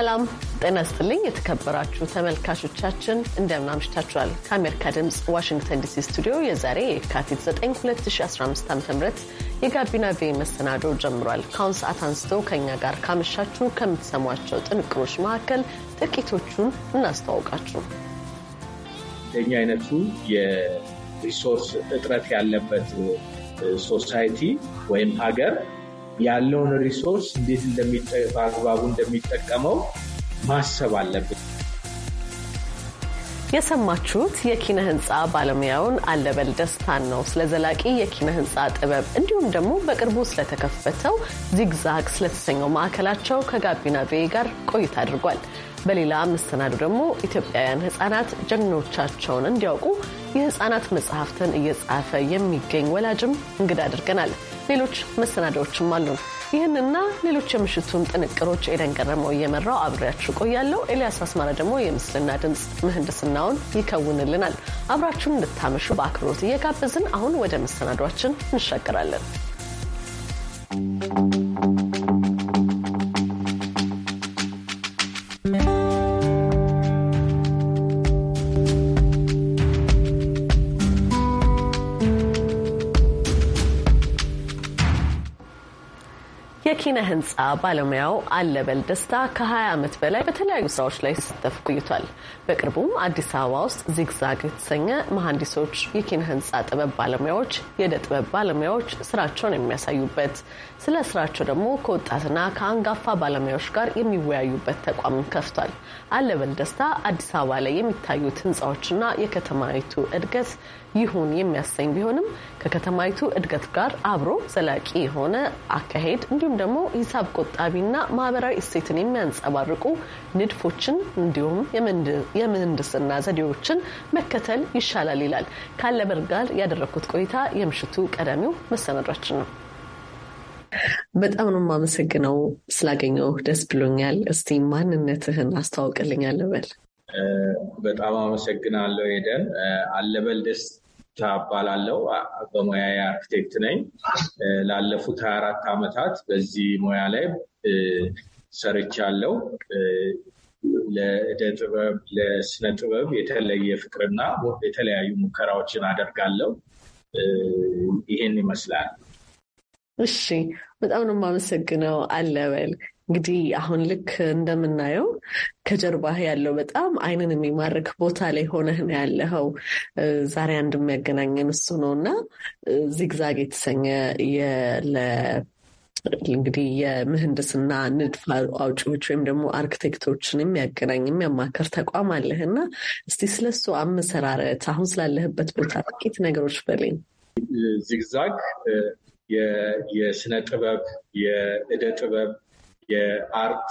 ሰላም ጤና ስጥልኝ። የተከበራችሁ ተመልካቾቻችን እንደምን አምሽታችኋል? ከአሜሪካ ድምፅ ዋሽንግተን ዲሲ ስቱዲዮ የዛሬ የካቲት 9 2015 ዓ.ም የጋቢና ቬ መሰናዶ ጀምሯል። ከአሁን ሰዓት አንስቶ ከእኛ ጋር ካመሻችሁ ከምትሰሟቸው ጥንቅሮች መካከል ጥቂቶቹን እናስተዋውቃችሁ። እንደኛ አይነቱ የሪሶርስ እጥረት ያለበት ሶሳይቲ ወይም ሀገር ያለውን ሪሶርስ እንዴት በአግባቡ እንደሚጠቀመው ማሰብ አለብን። የሰማችሁት የኪነ ህንፃ ባለሙያውን አለበል ደስታን ነው። ስለ ዘላቂ የኪነ ህንፃ ጥበብ እንዲሁም ደግሞ በቅርቡ ስለተከፈተው ዚግዛግ ስለተሰኘው ማዕከላቸው ከጋቢና ቪኦኤ ጋር ቆይታ አድርጓል። በሌላ መሰናዱ ደግሞ ኢትዮጵያውያን ህጻናት ጀግኖቻቸውን እንዲያውቁ የህጻናት መጽሐፍትን እየጻፈ የሚገኝ ወላጅም እንግዳ አድርገናል። ሌሎች መሰናዳዎችም አሉን። ይህንና ሌሎች የምሽቱን ጥንቅሮች ኤደን ገረመው እየመራው አብሬያችሁ ቆያለሁ። ኤልያስ አስማራ ደግሞ የምስልና ድምፅ ምህንድስናውን ይከውንልናል። አብራችሁን እንድታመሹ በአክብሮት እየጋበዝን አሁን ወደ መሰናዷችን እንሻገራለን። የኪነ ህንፃ ባለሙያው አለበል ደስታ ከ20 ዓመት በላይ በተለያዩ ስራዎች ላይ ሲሳተፍ ቆይቷል። በቅርቡም አዲስ አበባ ውስጥ ዚግዛግ የተሰኘ መሐንዲሶች፣ የኪነ ህንፃ ጥበብ ባለሙያዎች፣ የእደ ጥበብ ባለሙያዎች ስራቸውን የሚያሳዩበት ስለ ስራቸው ደግሞ ከወጣትና ከአንጋፋ ባለሙያዎች ጋር የሚወያዩበት ተቋምን ከፍቷል። አለበል ደስታ አዲስ አበባ ላይ የሚታዩት ህንፃዎችና የከተማይቱ እድገት ይሁን የሚያሰኝ ቢሆንም ከከተማይቱ እድገት ጋር አብሮ ዘላቂ የሆነ አካሄድ እንዲሁም ደግሞ ሂሳብ ቆጣቢና ማህበራዊ እሴትን የሚያንጸባርቁ ንድፎችን እንዲሁም የምህንድስና ዘዴዎችን መከተል ይሻላል ይላል ካለበር ጋር ያደረግኩት ቆይታ የምሽቱ ቀዳሚው መሰናዷችን ነው። በጣም ነው የማመሰግነው ስላገኘው ደስ ብሎኛል። እስቲ ማንነትህን አስተዋውቅልኝ አለበል። በጣም አመሰግናለሁ ሄደን። አለበል ደስ ቡልቻ እባላለሁ። በሙያ አርክቴክት ነኝ። ላለፉት ሀያ አራት ዓመታት በዚህ ሙያ ላይ ሰርቻለሁ። ለእደ ጥበብ ለስነ ጥበብ የተለየ ፍቅርና የተለያዩ ሙከራዎችን አደርጋለሁ። ይህን ይመስላል። እሺ፣ በጣም ነው የማመሰግነው አለበል። እንግዲህ አሁን ልክ እንደምናየው ከጀርባህ ያለው በጣም አይንን የሚማርክ ቦታ ላይ ሆነህ ነው ያለኸው። ዛሬ አንድ የሚያገናኘን እሱ ነው እና ዚግዛግ የተሰኘ እንግዲህ የምህንድስና ንድፍ አውጪዎች ወይም ደግሞ አርክቴክቶችን የሚያገናኝ የሚያማከር ተቋም አለህ እና እስቲ ስለሱ አመሰራረት፣ አሁን ስላለህበት ቦታ ጥቂት ነገሮች በለኝ። ዚግዛግ የስነ ጥበብ የእደ ጥበብ የአርት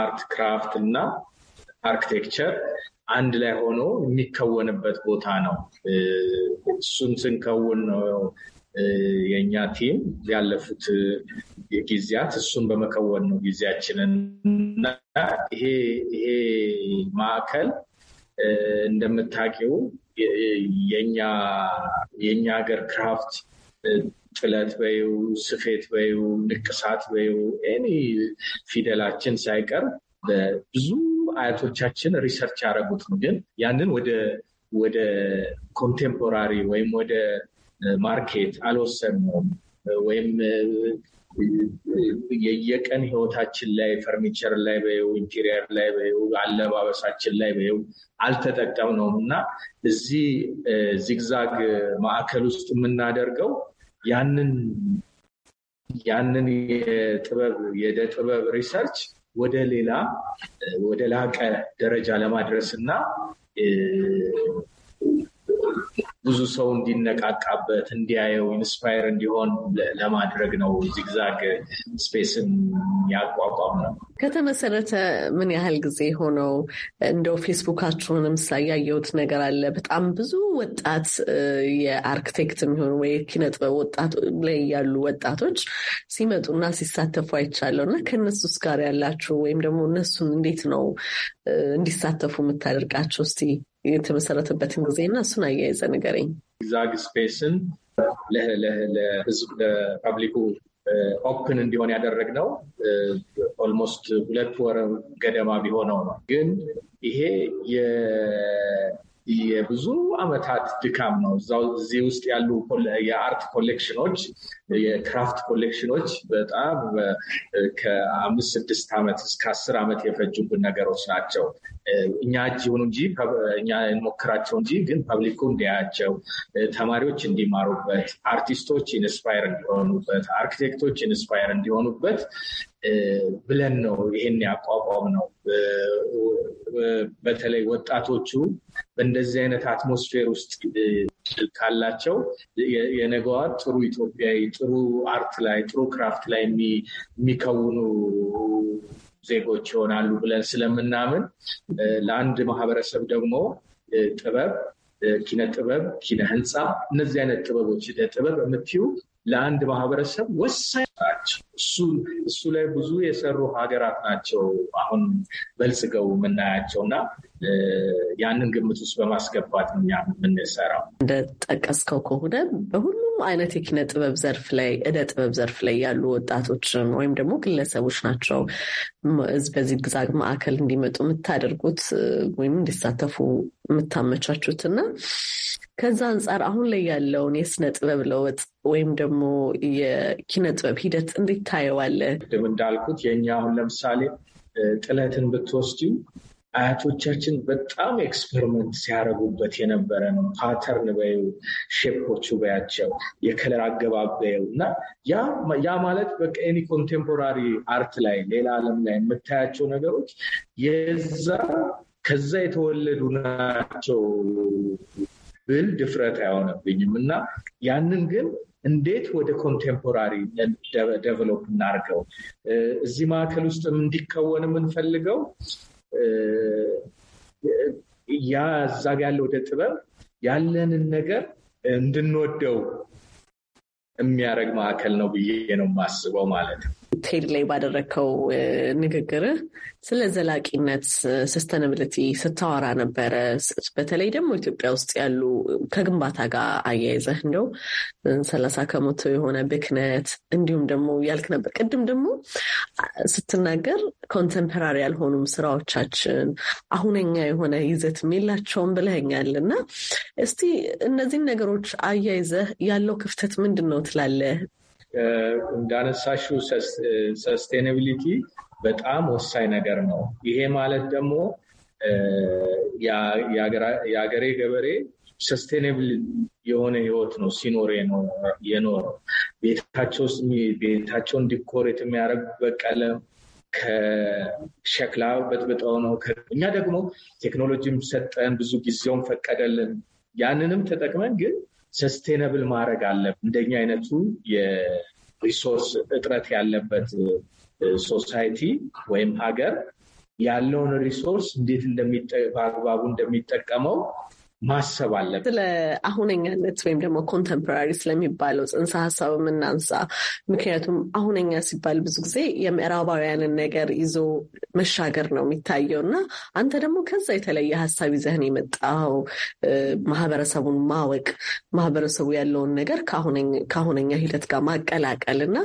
አርት ክራፍት እና አርክቴክቸር አንድ ላይ ሆኖ የሚከወንበት ቦታ ነው። እሱን ስንከውን ነው የእኛ ቲም ያለፉት ጊዜያት እሱን በመከወን ነው ጊዜያችንን እና ይሄ ይሄ ማዕከል እንደምታውቂው የእኛ ሀገር ክራፍት ጥለት በይው፣ ስፌት በይው፣ ንቅሳት በይው ኤኒ ፊደላችን ሳይቀር ብዙ አያቶቻችን ሪሰርች ያደረጉት ነው። ግን ያንን ወደ ኮንቴምፖራሪ ወይም ወደ ማርኬት አልወሰድነውም ወይም የየቀን ህይወታችን ላይ ፈርኒቸር ላይ በይው ኢንቴሪየር ላይ በይው አለባበሳችን ላይ በይው አልተጠቀምነውም እና እዚህ ዚግዛግ ማዕከል ውስጥ የምናደርገው ያንን ያንን የጥበብ የደ ጥበብ ሪሰርች ወደ ሌላ ወደ ላቀ ደረጃ ለማድረስ እና ብዙ ሰው እንዲነቃቃበት እንዲያየው ኢንስፓየር እንዲሆን ለማድረግ ነው ዚግዛግ ስፔስን ያቋቋም ነው። ከተመሰረተ ምን ያህል ጊዜ ሆነው? እንደው ፌስቡካችሁንም ሳያየሁት ነገር አለ። በጣም ብዙ ወጣት የአርክቴክት የሚሆኑ ወይ ኪነ ጥበብ ወጣት ላይ ያሉ ወጣቶች ሲመጡና ሲሳተፉ አይቻለሁ እና ከእነሱስ ጋር ያላችሁ ወይም ደግሞ እነሱን እንዴት ነው እንዲሳተፉ የምታደርጋቸው? እስቲ የተመሰረተበትን ጊዜ እና እሱን አያይዘ ንገረኝ። ዛግ ስፔስን ለህዝብ ለፐብሊኩ ኦፕን እንዲሆን ያደረግነው ኦልሞስት ሁለት ወር ገደማ ቢሆነው ነው። ግን ይሄ የብዙ አመታት ድካም ነው። እዚህ ውስጥ ያሉ የአርት ኮሌክሽኖች የክራፍት ኮሌክሽኖች በጣም ከአምስት ስድስት ዓመት እስከ አስር ዓመት የፈጁብን ነገሮች ናቸው። እኛ እጅ ይሁኑ እንጂ እኛ እንሞክራቸው እንጂ ግን ፐብሊኩ እንዲያያቸው፣ ተማሪዎች እንዲማሩበት፣ አርቲስቶች ኢንስፓየር እንዲሆኑበት፣ አርኪቴክቶች ኢንስፓየር እንዲሆኑበት ብለን ነው ይህን ያቋቋም ነው። በተለይ ወጣቶቹ በእንደዚህ አይነት አትሞስፌር ውስጥ ካላቸው የነገዋ ጥሩ ኢትዮጵያዊ፣ ጥሩ አርት ላይ፣ ጥሩ ክራፍት ላይ የሚከውኑ ዜጎች ይሆናሉ ብለን ስለምናምን ለአንድ ማህበረሰብ ደግሞ ጥበብ፣ ኪነ ጥበብ፣ ኪነ ህንፃ እነዚህ አይነት ጥበቦች ጥበብ የምትዩ ለአንድ ማህበረሰብ ወሳኝ ናቸው። እሱ ላይ ብዙ የሰሩ ሀገራት ናቸው አሁን በልጽገው የምናያቸው እና ያንን ግምት ውስጥ በማስገባት ነው የምንሰራው። እንደጠቀስከው ከሆነ በሁሉም አይነት የኪነ ጥበብ ዘርፍ ላይ እደ ጥበብ ዘርፍ ላይ ያሉ ወጣቶችን ወይም ደግሞ ግለሰቦች ናቸው በዚህ ግዛግ ማዕከል እንዲመጡ የምታደርጉት ወይም እንዲሳተፉ የምታመቻቹት እና ከዛ አንጻር አሁን ላይ ያለውን የስነ ጥበብ ለውጥ ወይም ደግሞ የኪነ ጥበብ ሂደት እንዴት ታየዋለህ? ቅድም እንዳልኩት የእኛ አሁን ለምሳሌ ጥለትን ብትወስጂው አያቶቻችን በጣም ኤክስፐሪመንት ሲያደርጉበት የነበረ ነው። ፓተርን በዩ፣ ሼፖቹ በያቸው፣ የከለር አገባበየው እና ያ ማለት በቃ ኤኒ ኮንቴምፖራሪ አርት ላይ ሌላ ዓለም ላይ የምታያቸው ነገሮች የዛ ከዛ የተወለዱ ናቸው ብል ድፍረት አይሆነብኝም እና ያንን ግን እንዴት ወደ ኮንቴምፖራሪ ደቨሎፕ እናርገው እዚህ ማዕከል ውስጥ እንዲከወን የምንፈልገው ያ እዛ ያለው ወደ ጥበብ ያለንን ነገር እንድንወደው የሚያደርግ ማዕከል ነው ብዬ ነው የማስበው ማለት ነው። ቴድ ላይ ባደረግከው ንግግር ስለ ዘላቂነት ሰስተነብልቲ ስታወራ ነበረ። በተለይ ደግሞ ኢትዮጵያ ውስጥ ያሉ ከግንባታ ጋር አያይዘህ እንደው ሰላሳ ከመቶ የሆነ ብክነት እንዲሁም ደግሞ ያልክ ነበር። ቅድም ደግሞ ስትናገር ኮንተምፐራሪ ያልሆኑም ስራዎቻችን አሁነኛ የሆነ ይዘትም የላቸውም ብለኸኛል እና እስቲ እነዚህን ነገሮች አያይዘህ ያለው ክፍተት ምንድን ነው ትላለህ? እንዳነሳሽው ሰስቴናቢሊቲ በጣም ወሳኝ ነገር ነው። ይሄ ማለት ደግሞ የሀገሬ ገበሬ ሰስቴናብል የሆነ ህይወት ነው ሲኖር የኖረው። ቤታቸው ቤታቸውን ዲኮሬት የሚያደርግ በቀለም ከሸክላ በጥብጠው ነው። እኛ ደግሞ ቴክኖሎጂም ሰጠን፣ ብዙ ጊዜውም ፈቀደልን። ያንንም ተጠቅመን ግን ሰስቴነብል ማድረግ አለ እንደኛ አይነቱ የሪሶርስ እጥረት ያለበት ሶሳይቲ ወይም ሀገር ያለውን ሪሶርስ እንዴት በአግባቡ እንደሚጠቀመው ማሰብ አለብን። ስለ አሁነኛነት ወይም ደግሞ ኮንተምፖራሪ ስለሚባለው ጽንሰ ሀሳብ የምናንሳ ምክንያቱም አሁነኛ ሲባል ብዙ ጊዜ የምዕራባውያንን ነገር ይዞ መሻገር ነው የሚታየው እና አንተ ደግሞ ከዛ የተለየ ሀሳብ ይዘህን የመጣው ማህበረሰቡን ማወቅ ማህበረሰቡ ያለውን ነገር ከአሁነኛ ሂደት ጋር ማቀላቀል እና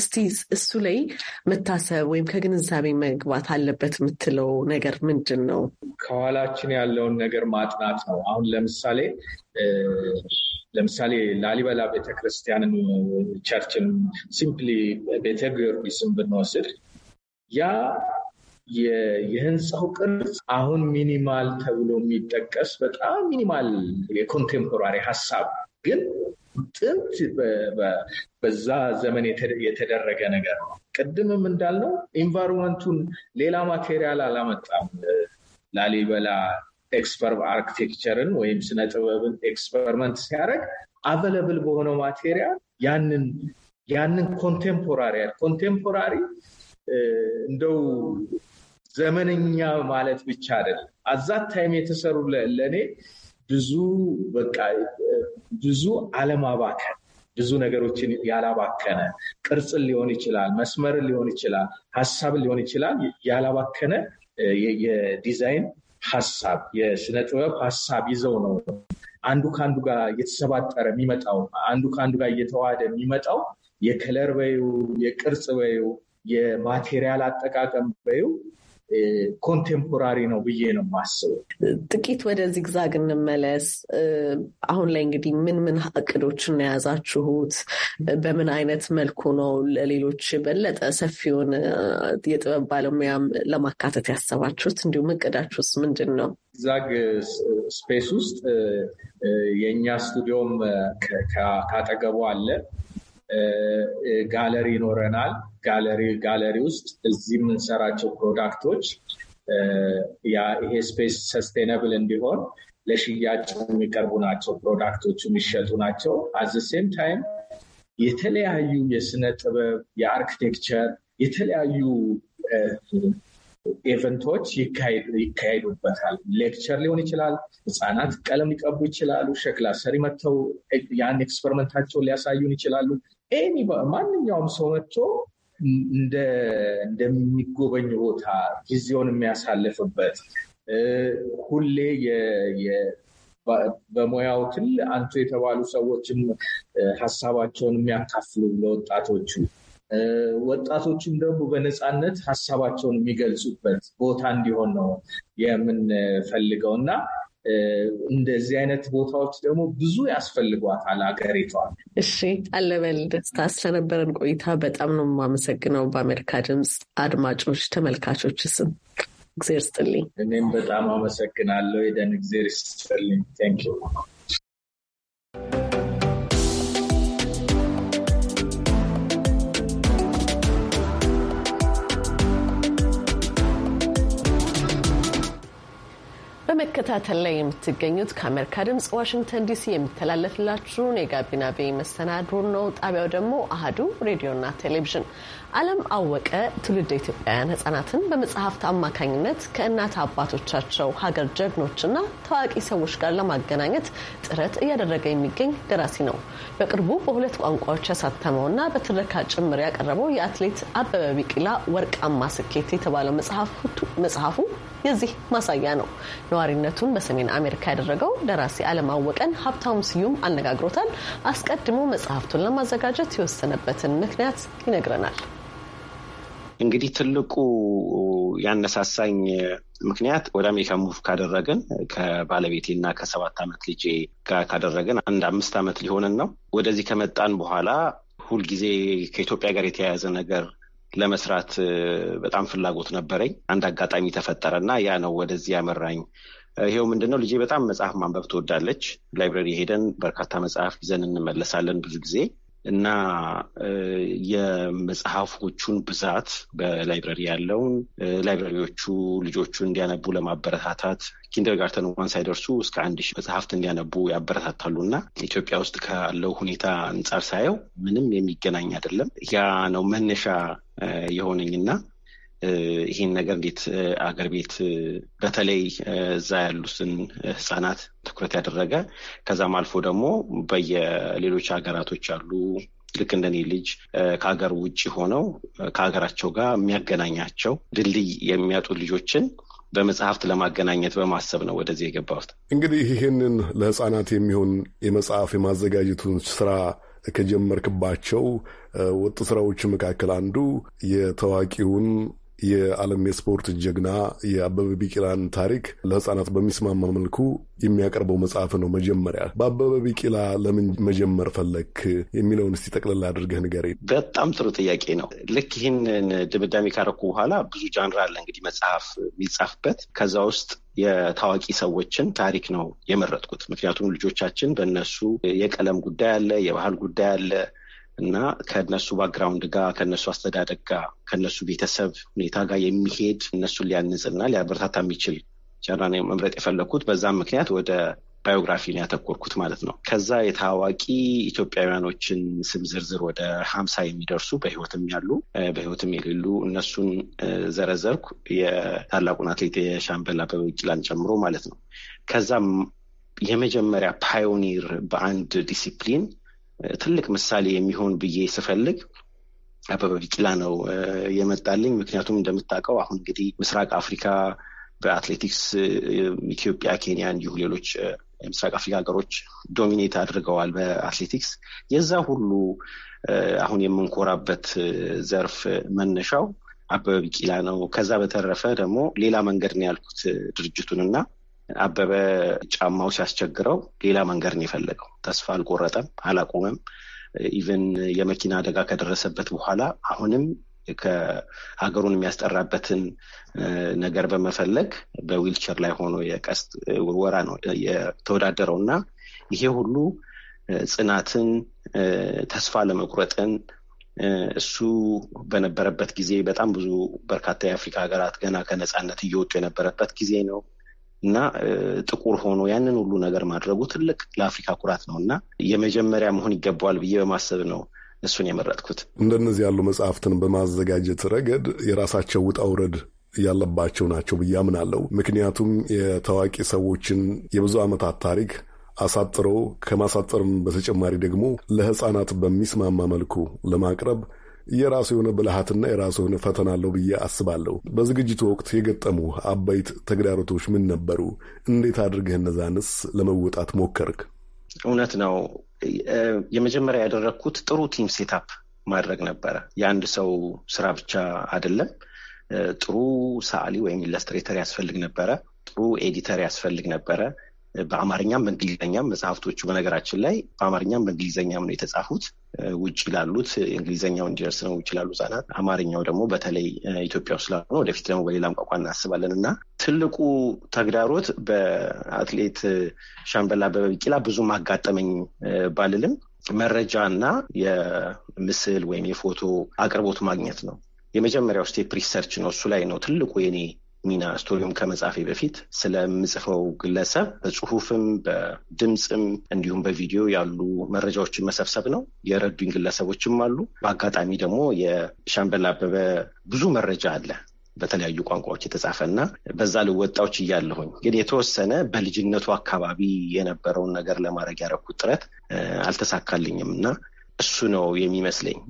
እስቲ እሱ ላይ መታሰብ ወይም ከግንዛቤ መግባት አለበት የምትለው ነገር ምንድን ነው? ከኋላችን ያለውን ነገር ማጥናት ነው። አሁን ለምሳሌ ለምሳሌ ላሊበላ ቤተክርስቲያንን፣ ቸርችን፣ ሲምፕሊ ቤተ ጊዮርጊስን ብንወስድ ያ የህንፃው ቅርጽ አሁን ሚኒማል ተብሎ የሚጠቀስ በጣም ሚኒማል የኮንቴምፖራሪ ሀሳብ ግን ጥንት በዛ ዘመን የተደረገ ነገር ነው። ቅድምም እንዳልነው ኢንቫይሮንመንቱን ሌላ ማቴሪያል አላመጣም። ላሊበላ ኤክስፐር አርክቴክቸርን ወይም ስነ ጥበብን ኤክስፐሪመንት ሲያደርግ አቨለብል በሆነው ማቴሪያል ያንን ያንን ኮንቴምፖራሪ ኮንቴምፖራሪ እንደው ዘመነኛ ማለት ብቻ አይደለም። አዛት ታይም የተሰሩ ለእኔ ብዙ በቃ ብዙ አለማባከን ብዙ ነገሮችን ያላባከነ ቅርጽን ሊሆን ይችላል፣ መስመርን ሊሆን ይችላል፣ ሀሳብን ሊሆን ይችላል። ያላባከነ የዲዛይን ሀሳብ የስነ ጥበብ ሀሳብ ይዘው ነው አንዱ ከአንዱ ጋር እየተሰባጠረ የሚመጣው አንዱ ከአንዱ ጋር እየተዋሃደ የሚመጣው የከለር በዩ የቅርጽ በዩ የማቴሪያል አጠቃቀም በዩ ኮንቴምፖራሪ ነው ብዬ ነው ማስበው ጥቂት ወደ ዚግዛግ እንመለስ። አሁን ላይ እንግዲህ ምን ምን እቅዶችን የያዛችሁት? በምን አይነት መልኩ ነው ለሌሎች የበለጠ ሰፊውን የጥበብ ባለሙያም ለማካተት ያሰባችሁት? እንዲሁም እቅዳችሁስ ምንድን ነው? ዚግዛግ ስፔስ ውስጥ የእኛ ስቱዲዮም ካጠገቡ አለ። ጋለሪ ይኖረናል። ጋለሪ ጋለሪ ውስጥ እዚህ የምንሰራቸው ፕሮዳክቶች ይሄ ስፔስ ሰስቴነብል እንዲሆን ለሽያጭ የሚቀርቡ ናቸው፣ ፕሮዳክቶቹ የሚሸጡ ናቸው። አዘ ሴም ታይም የተለያዩ የስነ ጥበብ፣ የአርክቴክቸር የተለያዩ ኤቨንቶች ይካሄዱበታል። ሌክቸር ሊሆን ይችላል። ህፃናት ቀለም ሊቀቡ ይችላሉ። ሸክላ ሰሪ መጥተው ያን ኤክስፐሪመንታቸውን ሊያሳዩን ይችላሉ። ማንኛውም ሰው መጥቶ እንደሚጎበኝ ቦታ ጊዜውን የሚያሳልፍበት ሁሌ በሙያው ትል አንቱ የተባሉ ሰዎችም ሀሳባቸውን የሚያካፍሉ ለወጣቶቹ ወጣቶችም ደግሞ በነፃነት ሀሳባቸውን የሚገልጹበት ቦታ እንዲሆን ነው የምንፈልገው እና እንደዚህ አይነት ቦታዎች ደግሞ ብዙ ያስፈልጓታል አገሪቷ። እሺ አለበል ደስታ፣ ስለነበረን ቆይታ በጣም ነው የማመሰግነው። በአሜሪካ ድምፅ አድማጮች ተመልካቾች ስም እግዜር ስጥልኝ። እኔም በጣም አመሰግናለሁ። የደን እግዜር ስጥልኝ። ቴንክ ዩ በመከታተል ላይ የምትገኙት ከአሜሪካ ድምጽ ዋሽንግተን ዲሲ የሚተላለፍላችሁን የጋቢና ቤ መሰናዶ ነው። ጣቢያው ደግሞ አህዱ ሬዲዮና ቴሌቪዥን። አለም አወቀ ትውልድ ኢትዮጵያውያን ህጻናትን በመጽሐፍት አማካኝነት ከእናት አባቶቻቸው ሀገር ጀግኖችና ታዋቂ ሰዎች ጋር ለማገናኘት ጥረት እያደረገ የሚገኝ ደራሲ ነው። በቅርቡ በሁለት ቋንቋዎች ያሳተመውና በትረካ ጭምር ያቀረበው የአትሌት አበበ ቢቂላ ወርቃማ ስኬት የተባለው መጽሐፉ የዚህ ማሳያ ነው። ነዋሪነቱን በሰሜን አሜሪካ ያደረገው ደራሲ አለማወቀን ሀብታሙ ስዩም አነጋግሮታል። አስቀድሞ መጽሐፍቱን ለማዘጋጀት የወሰነበትን ምክንያት ይነግረናል። እንግዲህ ትልቁ ያነሳሳኝ ምክንያት ወደ አሜሪካ ሙቭ ካደረግን ከባለቤቴ እና ከሰባት ዓመት ልጄ ጋር ካደረግን አንድ አምስት ዓመት ሊሆንን ነው። ወደዚህ ከመጣን በኋላ ሁልጊዜ ከኢትዮጵያ ጋር የተያያዘ ነገር ለመስራት በጣም ፍላጎት ነበረኝ። አንድ አጋጣሚ ተፈጠረ እና ያ ነው ወደዚህ ያመራኝ። ይሄው ምንድን ነው ልጄ በጣም መጽሐፍ ማንበብ ትወዳለች። ላይብረሪ ሄደን በርካታ መጽሐፍ ይዘን እንመለሳለን ብዙ ጊዜ እና የመጽሐፎቹን ብዛት በላይብረሪ ያለውን ላይብረሪዎቹ ልጆቹ እንዲያነቡ ለማበረታታት ኪንደርጋርተን ዋን ሳይደርሱ እስከ አንድ ሺህ መጽሐፍት እንዲያነቡ ያበረታታሉ እና ኢትዮጵያ ውስጥ ካለው ሁኔታ አንጻር ሳየው ምንም የሚገናኝ አይደለም። ያ ነው መነሻ የሆነኝና ይህን ነገር እንዴት አገር ቤት በተለይ እዛ ያሉትን ህጻናት ትኩረት ያደረገ ከዛም አልፎ ደግሞ በየሌሎች ሀገራቶች አሉ ልክ እንደኔ ልጅ ከሀገር ውጭ ሆነው ከሀገራቸው ጋር የሚያገናኛቸው ድልድይ የሚያጡ ልጆችን በመጽሐፍት ለማገናኘት በማሰብ ነው ወደዚህ የገባሁት። እንግዲህ ይህንን ለህጻናት የሚሆን የመጽሐፍ የማዘጋጀቱን ስራ ከጀመርክባቸው ወጥ ስራዎች መካከል አንዱ የታዋቂውን የዓለም የስፖርት ጀግና የአበበ ቢቂላን ታሪክ ለህፃናት በሚስማማ መልኩ የሚያቀርበው መጽሐፍ ነው። መጀመሪያ በአበበ ቢቂላ ለምን መጀመር ፈለክ የሚለውን እስቲ ጠቅልላ አድርገህ ንገር። በጣም ጥሩ ጥያቄ ነው። ልክ ይህንን ድምዳሜ ካረኩ በኋላ ብዙ ጃንራ አለ እንግዲህ መጽሐፍ የሚጻፍበት ከዛ ውስጥ የታዋቂ ሰዎችን ታሪክ ነው የመረጥኩት። ምክንያቱም ልጆቻችን በእነሱ የቀለም ጉዳይ አለ፣ የባህል ጉዳይ አለ እና ከነሱ ባክግራውንድ ጋር ከነሱ አስተዳደግ ጋር ከነሱ ቤተሰብ ሁኔታ ጋር የሚሄድ እነሱን ሊያንጽና ሊያበረታታ የሚችል ጀራ መምረጥ የፈለግኩት በዛም ምክንያት ወደ ባዮግራፊ ነው ያተኮርኩት ማለት ነው። ከዛ የታዋቂ ኢትዮጵያውያኖችን ስም ዝርዝር ወደ ሀምሳ የሚደርሱ በህይወትም ያሉ በህይወትም የሌሉ እነሱን ዘረዘርኩ የታላቁን አትሌት የሻምበል አበበ ቢቂላን ጨምሮ ማለት ነው። ከዛም የመጀመሪያ ፓዮኒር በአንድ ዲሲፕሊን ትልቅ ምሳሌ የሚሆን ብዬ ስፈልግ አበበ ቢቂላ ነው የመጣልኝ። ምክንያቱም እንደምታውቀው አሁን እንግዲህ ምስራቅ አፍሪካ በአትሌቲክስ ኢትዮጵያ፣ ኬንያ እንዲሁ ሌሎች የምስራቅ አፍሪካ ሀገሮች ዶሚኔት አድርገዋል በአትሌቲክስ። የዛ ሁሉ አሁን የምንኮራበት ዘርፍ መነሻው አበበ ቢቂላ ነው። ከዛ በተረፈ ደግሞ ሌላ መንገድ ነው ያልኩት ድርጅቱን እና አበበ ጫማው ሲያስቸግረው ሌላ መንገድ ነው የፈለገው። ተስፋ አልቆረጠም፣ አላቆመም። ኢቨን የመኪና አደጋ ከደረሰበት በኋላ አሁንም ከሀገሩን የሚያስጠራበትን ነገር በመፈለግ በዊልቸር ላይ ሆኖ የቀስት ውርወራ ነው የተወዳደረው እና ይሄ ሁሉ ጽናትን፣ ተስፋ ለመቁረጥን እሱ በነበረበት ጊዜ በጣም ብዙ በርካታ የአፍሪካ ሀገራት ገና ከነፃነት እየወጡ የነበረበት ጊዜ ነው እና ጥቁር ሆኖ ያንን ሁሉ ነገር ማድረጉ ትልቅ ለአፍሪካ ኩራት ነው እና የመጀመሪያ መሆን ይገባዋል ብዬ በማሰብ ነው እሱን የመረጥኩት። እንደነዚህ ያሉ መጽሐፍትን በማዘጋጀት ረገድ የራሳቸው ውጣ ውረድ ያለባቸው ናቸው ብዬ አምናለሁ። ምክንያቱም የታዋቂ ሰዎችን የብዙ ዓመታት ታሪክ አሳጥሮ ከማሳጠርም በተጨማሪ ደግሞ ለሕፃናት በሚስማማ መልኩ ለማቅረብ የራሱ የሆነ ብልሃትና የራሱ የሆነ ፈተና አለው ብዬ አስባለሁ። በዝግጅቱ ወቅት የገጠሙ አበይት ተግዳሮቶች ምን ነበሩ? እንዴት አድርገህ እነዛንስ ለመወጣት ሞከርክ? እውነት ነው። የመጀመሪያ ያደረግኩት ጥሩ ቲም ሴታፕ ማድረግ ነበረ። የአንድ ሰው ስራ ብቻ አይደለም። ጥሩ ሰዓሊ ወይም ኢለስትሬተር ያስፈልግ ነበረ። ጥሩ ኤዲተር ያስፈልግ ነበረ። በአማርኛም በእንግሊዝኛም መጽሐፍቶቹ በነገራችን ላይ በአማርኛም በእንግሊዝኛም ነው የተጻፉት። ውጭ ላሉት እንግሊዝኛው እንዲደርስ ነው ውጭ ላሉ ህጻናት፣ አማርኛው ደግሞ በተለይ ኢትዮጵያ ውስጥ ላሉ ነው። ወደፊት ደግሞ በሌላም ቋንቋ እናስባለን እና ትልቁ ተግዳሮት በአትሌት ሻምበል አበበ ቢቂላ ብዙ ማጋጠመኝ ባልልም መረጃ እና የምስል ወይም የፎቶ አቅርቦት ማግኘት ነው። የመጀመሪያው ስቴፕ ሪሰርች ነው። እሱ ላይ ነው ትልቁ የኔ ሚና ስቶሪም ከመጻፌ በፊት ስለምጽፈው ግለሰብ በጽሁፍም በድምፅም እንዲሁም በቪዲዮ ያሉ መረጃዎችን መሰብሰብ ነው። የረዱኝ ግለሰቦችም አሉ። በአጋጣሚ ደግሞ የሻምበል አበበ ብዙ መረጃ አለ በተለያዩ ቋንቋዎች የተጻፈ እና በዛ ልወጣዎች እያለሁኝ ግን የተወሰነ በልጅነቱ አካባቢ የነበረውን ነገር ለማድረግ ያደረኩት ጥረት አልተሳካልኝም እና እሱ ነው የሚመስለኝ።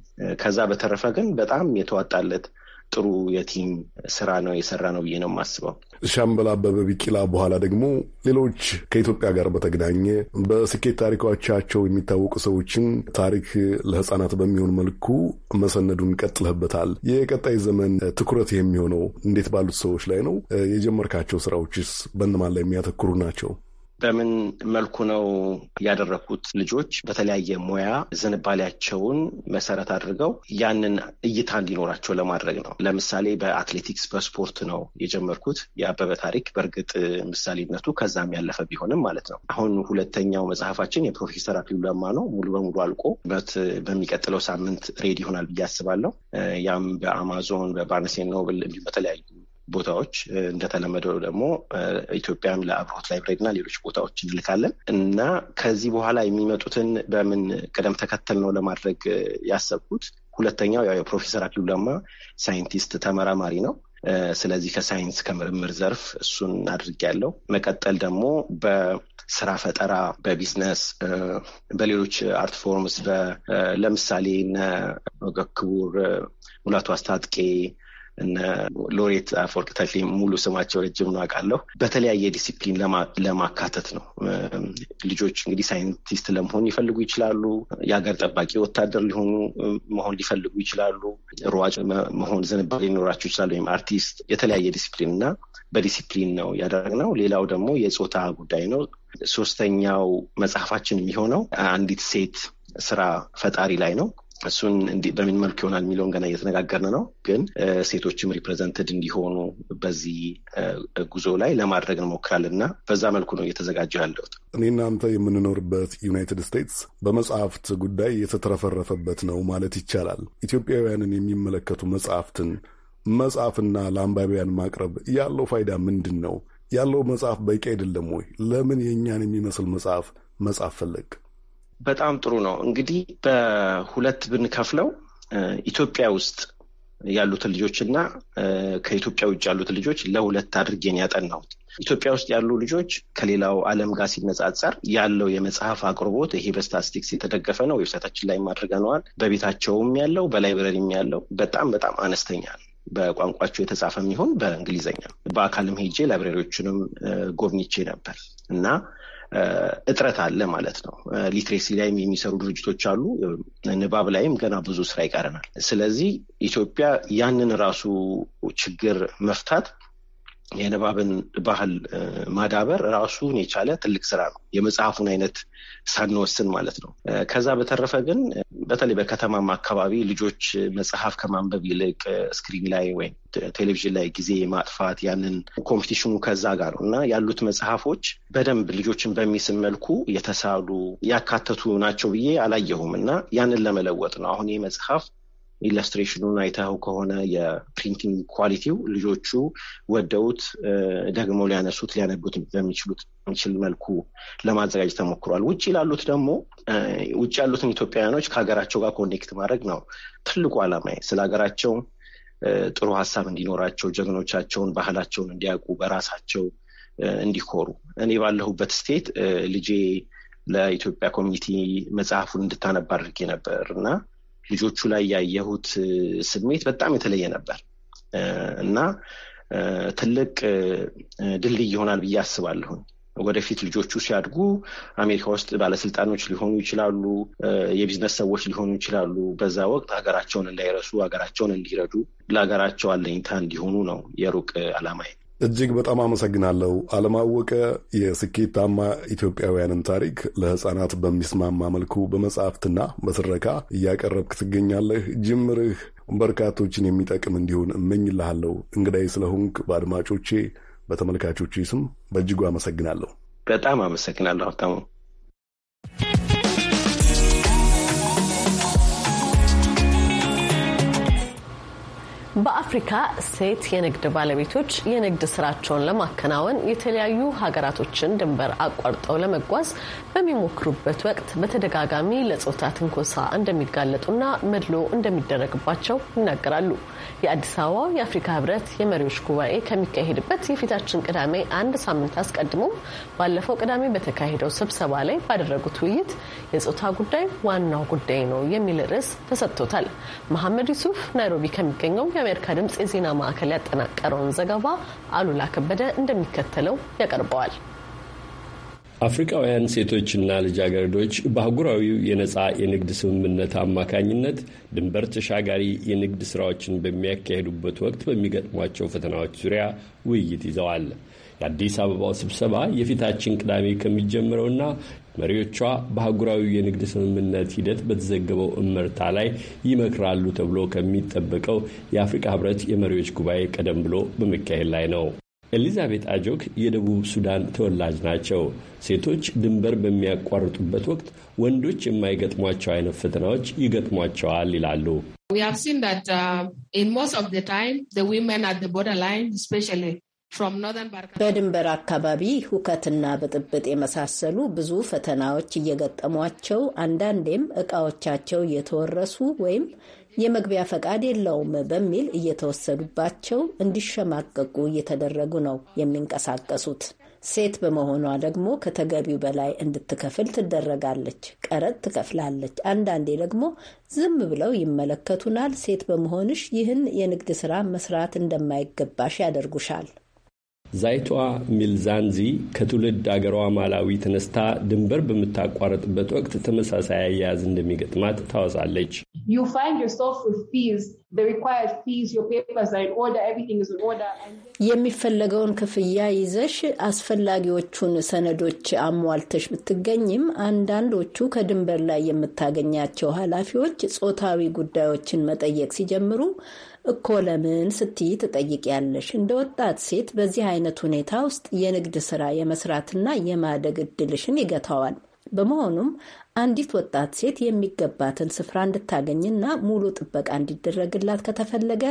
ከዛ በተረፈ ግን በጣም የተዋጣለት ጥሩ የቲም ስራ ነው የሰራ ነው ብዬ ነው የማስበው። ሻምበል አበበ ቢቂላ በኋላ ደግሞ ሌሎች ከኢትዮጵያ ጋር በተገናኘ በስኬት ታሪኮቻቸው የሚታወቁ ሰዎችን ታሪክ ለህፃናት በሚሆን መልኩ መሰነዱን ቀጥለህበታል። የቀጣይ ዘመን ትኩረት የሚሆነው እንዴት ባሉት ሰዎች ላይ ነው? የጀመርካቸው ስራዎችስ በእነማን ላይ የሚያተኩሩ ናቸው? በምን መልኩ ነው ያደረኩት? ልጆች በተለያየ ሙያ ዝንባሌያቸውን መሰረት አድርገው ያንን እይታ እንዲኖራቸው ለማድረግ ነው። ለምሳሌ በአትሌቲክስ በስፖርት ነው የጀመርኩት። የአበበ ታሪክ በእርግጥ ምሳሌነቱ ከዛም ያለፈ ቢሆንም ማለት ነው። አሁን ሁለተኛው መጽሐፋችን የፕሮፌሰር አክሊሉ ለማ ነው። ሙሉ በሙሉ አልቆ በሚቀጥለው ሳምንት ሬድ ይሆናል ብዬ አስባለሁ። ያም በአማዞን በባርነስ ኤንድ ኖብል እንዲሁም በተለያዩ ቦታዎች እንደተለመደው ደግሞ ኢትዮጵያም ለአብሮት ላይብረሪ እና ሌሎች ቦታዎች እንልካለን እና ከዚህ በኋላ የሚመጡትን በምን ቅደም ተከተል ነው ለማድረግ ያሰብኩት። ሁለተኛው ያው የፕሮፌሰር አክሊሉ ለማ ሳይንቲስት ተመራማሪ ነው። ስለዚህ ከሳይንስ ከምርምር ዘርፍ እሱን አድርጌያለሁ። መቀጠል ደግሞ በስራ ፈጠራ፣ በቢዝነስ፣ በሌሎች አርት ፎርምስ ለምሳሌ ክቡር ሙላቱ አስታጥቄ እነ ሎሬት አፈወርቅ ተክሌ ሙሉ ስማቸው ረጅም ነው አውቃለሁ። በተለያየ ዲሲፕሊን ለማካተት ነው። ልጆች እንግዲህ ሳይንቲስት ለመሆን ይፈልጉ ይችላሉ። የሀገር ጠባቂ ወታደር ሊሆኑ መሆን ሊፈልጉ ይችላሉ። ሯጭ መሆን ዝንባሌ ሊኖራቸው ይችላሉ። ወይም አርቲስት የተለያየ ዲሲፕሊን እና በዲሲፕሊን ነው ያደረግነው። ሌላው ደግሞ የፆታ ጉዳይ ነው። ሶስተኛው መጽሐፋችን የሚሆነው አንዲት ሴት ስራ ፈጣሪ ላይ ነው። እሱን በምን መልክ ይሆናል የሚለውን ገና እየተነጋገርን ነው። ግን ሴቶችም ሪፕሬዘንትድ እንዲሆኑ በዚህ ጉዞ ላይ ለማድረግ እንሞክራለን እና በዛ መልኩ ነው እየተዘጋጀው ያለሁት። እኔ እናንተ የምንኖርበት ዩናይትድ ስቴትስ በመጽሐፍት ጉዳይ የተትረፈረፈበት ነው ማለት ይቻላል። ኢትዮጵያውያንን የሚመለከቱ መጽሐፍትን መጽሐፍና ለአንባቢያን ማቅረብ ያለው ፋይዳ ምንድን ነው? ያለው መጽሐፍ በቂ አይደለም ወይ? ለምን የእኛን የሚመስል መጽሐፍ መጽሐፍ ፈለግ በጣም ጥሩ ነው። እንግዲህ በሁለት ብንከፍለው ኢትዮጵያ ውስጥ ያሉትን ልጆች እና ከኢትዮጵያ ውጭ ያሉትን ልጆች ለሁለት አድርጌን ያጠናሁት። ኢትዮጵያ ውስጥ ያሉ ልጆች ከሌላው ዓለም ጋር ሲነጻጸር ያለው የመጽሐፍ አቅርቦት ይሄ በስታትስቲክስ የተደገፈ ነው። ዌብሳይታችን ላይ አድርገነዋል። በቤታቸውም ያለው በላይብረሪም ያለው በጣም በጣም አነስተኛ ነው። በቋንቋቸው የተጻፈ የሚሆን በእንግሊዝኛ። በአካልም ሄጄ ላይብረሪዎችንም ጎብኝቼ ነበር እና እጥረት አለ ማለት ነው። ሊትሬሲ ላይም የሚሰሩ ድርጅቶች አሉ። ንባብ ላይም ገና ብዙ ስራ ይቀረናል። ስለዚህ ኢትዮጵያ ያንን ራሱ ችግር መፍታት የንባብን ባህል ማዳበር ራሱን የቻለ ትልቅ ስራ ነው። የመጽሐፉን አይነት ሳንወስን ማለት ነው። ከዛ በተረፈ ግን በተለይ በከተማም አካባቢ ልጆች መጽሐፍ ከማንበብ ይልቅ ስክሪን ላይ ወይም ቴሌቪዥን ላይ ጊዜ ማጥፋት ያንን ኮምፒቲሽኑ ከዛ ጋር ነው እና ያሉት መጽሐፎች በደንብ ልጆችን በሚስም መልኩ የተሳሉ ያካተቱ ናቸው ብዬ አላየሁም እና ያንን ለመለወጥ ነው አሁን ይህ መጽሐፍ ኢለስትሬሽኑን አይታው ከሆነ የፕሪንቲንግ ኳሊቲው ልጆቹ ወደውት ደግሞ ሊያነሱት ሊያነቡት በሚችሉት የሚችል መልኩ ለማዘጋጀት ተሞክሯል። ውጭ ላሉት ደግሞ ውጭ ያሉትን ኢትዮጵያውያኖች ከሀገራቸው ጋር ኮኔክት ማድረግ ነው ትልቁ ዓላማ። ስለ ሀገራቸው ጥሩ ሀሳብ እንዲኖራቸው፣ ጀግኖቻቸውን፣ ባህላቸውን እንዲያውቁ፣ በራሳቸው እንዲኮሩ እኔ ባለሁበት ስቴት ልጄ ለኢትዮጵያ ኮሚኒቲ መጽሐፉን እንድታነባ አድርጌ ነበር እና ልጆቹ ላይ ያየሁት ስሜት በጣም የተለየ ነበር እና ትልቅ ድልድይ ይሆናል ብዬ አስባለሁኝ። ወደፊት ልጆቹ ሲያድጉ አሜሪካ ውስጥ ባለስልጣኖች ሊሆኑ ይችላሉ፣ የቢዝነስ ሰዎች ሊሆኑ ይችላሉ። በዛ ወቅት ሀገራቸውን እንዳይረሱ፣ ሀገራቸውን እንዲረዱ፣ ለሀገራቸው አለኝታ እንዲሆኑ ነው የሩቅ አላማዬ። እጅግ በጣም አመሰግናለሁ አለማወቀ። የስኬታማ ኢትዮጵያውያንን ታሪክ ለሕፃናት በሚስማማ መልኩ በመጽሐፍትና በትረካ እያቀረብክ ትገኛለህ። ጅምርህ በርካቶችን የሚጠቅም እንዲሆን እመኝልሃለሁ። እንግዳይ ስለሆንክ በአድማጮቼ በተመልካቾቼ ስም በእጅጉ አመሰግናለሁ። በጣም አመሰግናለሁ። በአፍሪካ ሴት የንግድ ባለቤቶች የንግድ ስራቸውን ለማከናወን የተለያዩ ሀገራቶችን ድንበር አቋርጠው ለመጓዝ በሚሞክሩበት ወቅት በተደጋጋሚ ለጾታ ትንኮሳ እንደሚጋለጡና መድሎ እንደሚደረግባቸው ይናገራሉ። የአዲስ አበባው የአፍሪካ ህብረት የመሪዎች ጉባኤ ከሚካሄድበት የፊታችን ቅዳሜ አንድ ሳምንት አስቀድሞም ባለፈው ቅዳሜ በተካሄደው ስብሰባ ላይ ባደረጉት ውይይት የጾታ ጉዳይ ዋናው ጉዳይ ነው የሚል ርዕስ ተሰጥቶታል። መሐመድ ዩሱፍ ናይሮቢ ከሚገኘው የአሜሪካ ድምፅ የዜና ማዕከል ያጠናቀረውን ዘገባ አሉላ ከበደ እንደሚከተለው ያቀርበዋል። አፍሪካውያን ሴቶችና ልጃገረዶች በአህጉራዊው የነፃ የንግድ ስምምነት አማካኝነት ድንበር ተሻጋሪ የንግድ ሥራዎችን በሚያካሄዱበት ወቅት በሚገጥሟቸው ፈተናዎች ዙሪያ ውይይት ይዘዋል። የአዲስ አበባው ስብሰባ የፊታችን ቅዳሜ ከሚጀምረውና መሪዎቿ በአህጉራዊ የንግድ ስምምነት ሂደት በተዘገበው እመርታ ላይ ይመክራሉ ተብሎ ከሚጠበቀው የአፍሪካ ህብረት የመሪዎች ጉባኤ ቀደም ብሎ በመካሄድ ላይ ነው። ኤሊዛቤት አጆክ የደቡብ ሱዳን ተወላጅ ናቸው። ሴቶች ድንበር በሚያቋርጡበት ወቅት ወንዶች የማይገጥሟቸው አይነት ፈተናዎች ይገጥሟቸዋል ይላሉ። We have seen that uh, in most of the time, the women at the borderline, especially በድንበር አካባቢ ሁከትና ብጥብጥ የመሳሰሉ ብዙ ፈተናዎች እየገጠሟቸው አንዳንዴም እቃዎቻቸው እየተወረሱ ወይም የመግቢያ ፈቃድ የለውም በሚል እየተወሰዱባቸው እንዲሸማቀቁ እየተደረጉ ነው የሚንቀሳቀሱት። ሴት በመሆኗ ደግሞ ከተገቢው በላይ እንድትከፍል ትደረጋለች። ቀረጥ ትከፍላለች። አንዳንዴ ደግሞ ዝም ብለው ይመለከቱናል። ሴት በመሆንሽ ይህን የንግድ ስራ መስራት እንደማይገባሽ ያደርጉሻል። ዛይቷ ሚልዛንዚ ከትውልድ አገሯ ማላዊ ተነስታ ድንበር በምታቋረጥበት ወቅት ተመሳሳይ አያያዝ እንደሚገጥማት ታወሳለች። የሚፈለገውን ክፍያ ይዘሽ አስፈላጊዎቹን ሰነዶች አሟልተሽ ብትገኝም አንዳንዶቹ ከድንበር ላይ የምታገኛቸው ኃላፊዎች ጾታዊ ጉዳዮችን መጠየቅ ሲጀምሩ እኮ ለምን ስትይ ትጠይቂያለሽ። እንደ ወጣት ሴት በዚህ አይነት ሁኔታ ውስጥ የንግድ ስራ የመስራትና የማደግ እድልሽን ይገታዋል። በመሆኑም አንዲት ወጣት ሴት የሚገባትን ስፍራ እንድታገኝና ሙሉ ጥበቃ እንዲደረግላት ከተፈለገ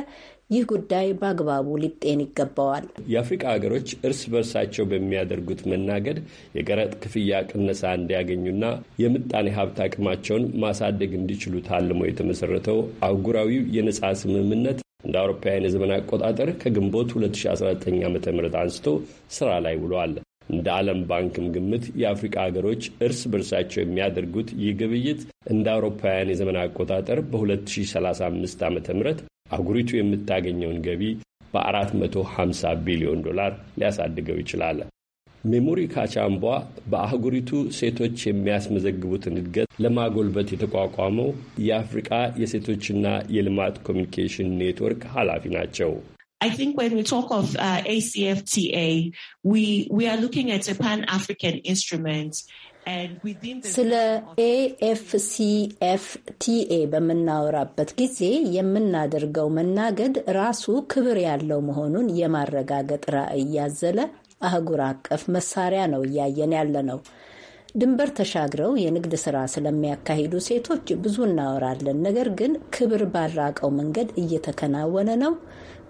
ይህ ጉዳይ በአግባቡ ሊጤን ይገባዋል። የአፍሪቃ ሀገሮች እርስ በርሳቸው በሚያደርጉት መናገድ የቀረጥ ክፍያ ቅነሳ እንዲያገኙና የምጣኔ ሀብት አቅማቸውን ማሳደግ እንዲችሉ ታልሞ የተመሰረተው አህጉራዊው የነፃ ስምምነት እንደ አውሮፓውያን የዘመን አቆጣጠር ከግንቦት 2019 ዓ ም አንስቶ ስራ ላይ ውሏል። እንደ ዓለም ባንክም ግምት የአፍሪካ ሀገሮች እርስ በርሳቸው የሚያደርጉት ይህ ግብይት እንደ አውሮፓውያን የዘመን አቆጣጠር በ2035 ዓ ም አህጉሪቱ የምታገኘውን ገቢ በ450 ቢሊዮን ዶላር ሊያሳድገው ይችላል። ሜሞሪ ካቻምቧ በአህጉሪቱ ሴቶች የሚያስመዘግቡትን እድገት ለማጎልበት የተቋቋመው የአፍሪቃ የሴቶችና የልማት ኮሚኒኬሽን ኔትወርክ ኃላፊ ናቸው። I think when we talk of uh, ACFTA, we, we are looking at a pan-African instrument. ስለ ኤኤፍሲኤፍቲኤ በምናወራበት ጊዜ የምናደርገው መናገድ ራሱ ክብር ያለው መሆኑን የማረጋገጥ ራዕይ ያዘለ አህጉር አቀፍ መሳሪያ ነው እያየን ያለ ነው። ድንበር ተሻግረው የንግድ ስራ ስለሚያካሂዱ ሴቶች ብዙ እናወራለን። ነገር ግን ክብር ባራቀው መንገድ እየተከናወነ ነው።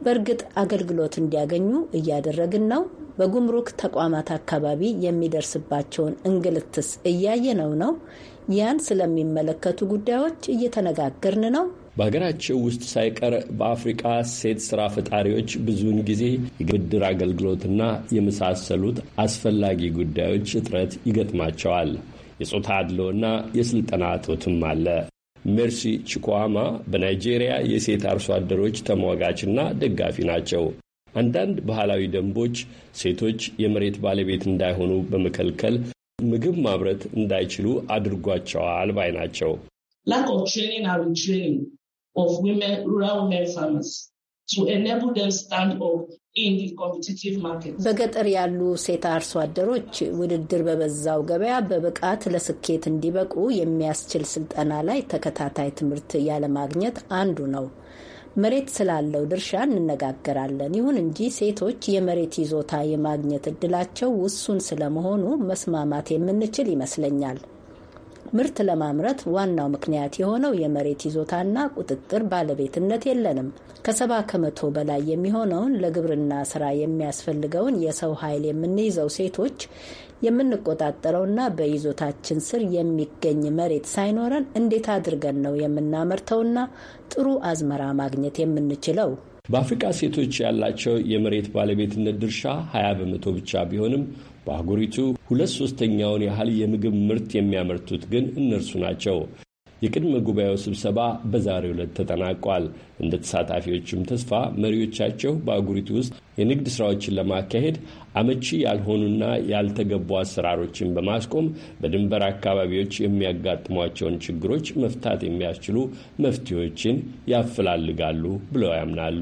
በእርግጥ አገልግሎት እንዲያገኙ እያደረግን ነው። በጉምሩክ ተቋማት አካባቢ የሚደርስባቸውን እንግልትስ እያየ ነው ነው ያን ስለሚመለከቱ ጉዳዮች እየተነጋገርን ነው። በሀገራቸው ውስጥ ሳይቀር በአፍሪቃ ሴት ስራ ፈጣሪዎች ብዙውን ጊዜ የብድር አገልግሎትና የመሳሰሉት አስፈላጊ ጉዳዮች እጥረት ይገጥማቸዋል። የጾታ አድሎና የስልጠና እጦትም አለ። ሜርሲ ቺኮዋማ በናይጄሪያ የሴት አርሶ አደሮች ተሟጋችና ደጋፊ ናቸው። አንዳንድ ባህላዊ ደንቦች ሴቶች የመሬት ባለቤት እንዳይሆኑ በመከልከል ምግብ ማምረት እንዳይችሉ አድርጓቸዋል ባይ ናቸው። of women, rural women farmers to enable them stand up በገጠር ያሉ ሴት አርሶ አደሮች ውድድር በበዛው ገበያ በብቃት ለስኬት እንዲበቁ የሚያስችል ስልጠና ላይ ተከታታይ ትምህርት ያለማግኘት አንዱ ነው። መሬት ስላለው ድርሻ እንነጋገራለን። ይሁን እንጂ ሴቶች የመሬት ይዞታ የማግኘት እድላቸው ውሱን ስለመሆኑ መስማማት የምንችል ይመስለኛል። ምርት ለማምረት ዋናው ምክንያት የሆነው የመሬት ይዞታና ቁጥጥር ባለቤትነት የለንም። ከሰባ ከመቶ በላይ የሚሆነውን ለግብርና ስራ የሚያስፈልገውን የሰው ኃይል የምንይዘው ሴቶች የምንቆጣጠረውና በይዞታችን ስር የሚገኝ መሬት ሳይኖረን እንዴት አድርገን ነው የምናመርተውና ጥሩ አዝመራ ማግኘት የምንችለው? በአፍሪቃ ሴቶች ያላቸው የመሬት ባለቤትነት ድርሻ 20 በመቶ ብቻ ቢሆንም በአህጉሪቱ ሁለት ሶስተኛውን ያህል የምግብ ምርት የሚያመርቱት ግን እነርሱ ናቸው። የቅድመ ጉባኤው ስብሰባ በዛሬው ዕለት ተጠናቋል። እንደ ተሳታፊዎችም ተስፋ መሪዎቻቸው በአህጉሪቱ ውስጥ የንግድ ሥራዎችን ለማካሄድ አመቺ ያልሆኑና ያልተገቡ አሰራሮችን በማስቆም በድንበር አካባቢዎች የሚያጋጥሟቸውን ችግሮች መፍታት የሚያስችሉ መፍትሄዎችን ያፈላልጋሉ ብለው ያምናሉ።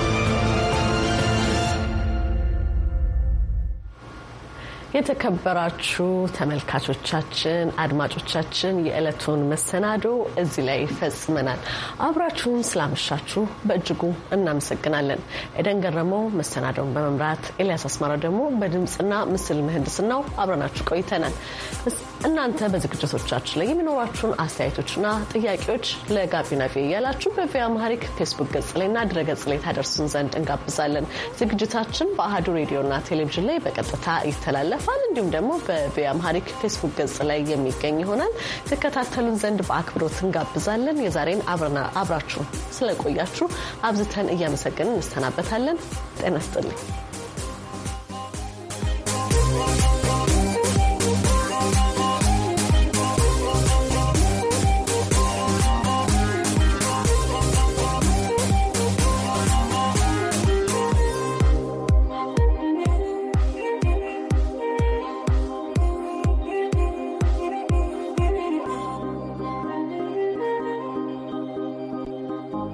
የተከበራችሁ ተመልካቾቻችን፣ አድማጮቻችን የዕለቱን መሰናዶ እዚህ ላይ ፈጽመናል። አብራችሁን ስላመሻችሁ በእጅጉ እናመሰግናለን። ኤደን ገረመው መሰናዶውን በመምራት ኤልያስ አስማራ ደግሞ በድምፅና ምስል ምህንድስናው አብረናችሁ ቆይተናል። እናንተ በዝግጅቶቻችን ላይ የሚኖራችሁን አስተያየቶችና ጥያቄዎች ለጋቢና ቪ እያላችሁ በቪያ አማሪክ ፌስቡክ ገጽ ላይና ድረ ገጽ ላይ ታደርሱን ዘንድ እንጋብዛለን። ዝግጅታችን በአህዱ ሬዲዮና ቴሌቪዥን ላይ በቀጥታ ይተላለፋል። እንዲሁም ደግሞ በቪያ አማሪክ ፌስቡክ ገጽ ላይ የሚገኝ ይሆናል። ትከታተሉን ዘንድ በአክብሮት እንጋብዛለን። የዛሬን አብራችሁ ስለቆያችሁ አብዝተን እያመሰገንን እንሰናበታለን። ጤና ይስጥልኝ።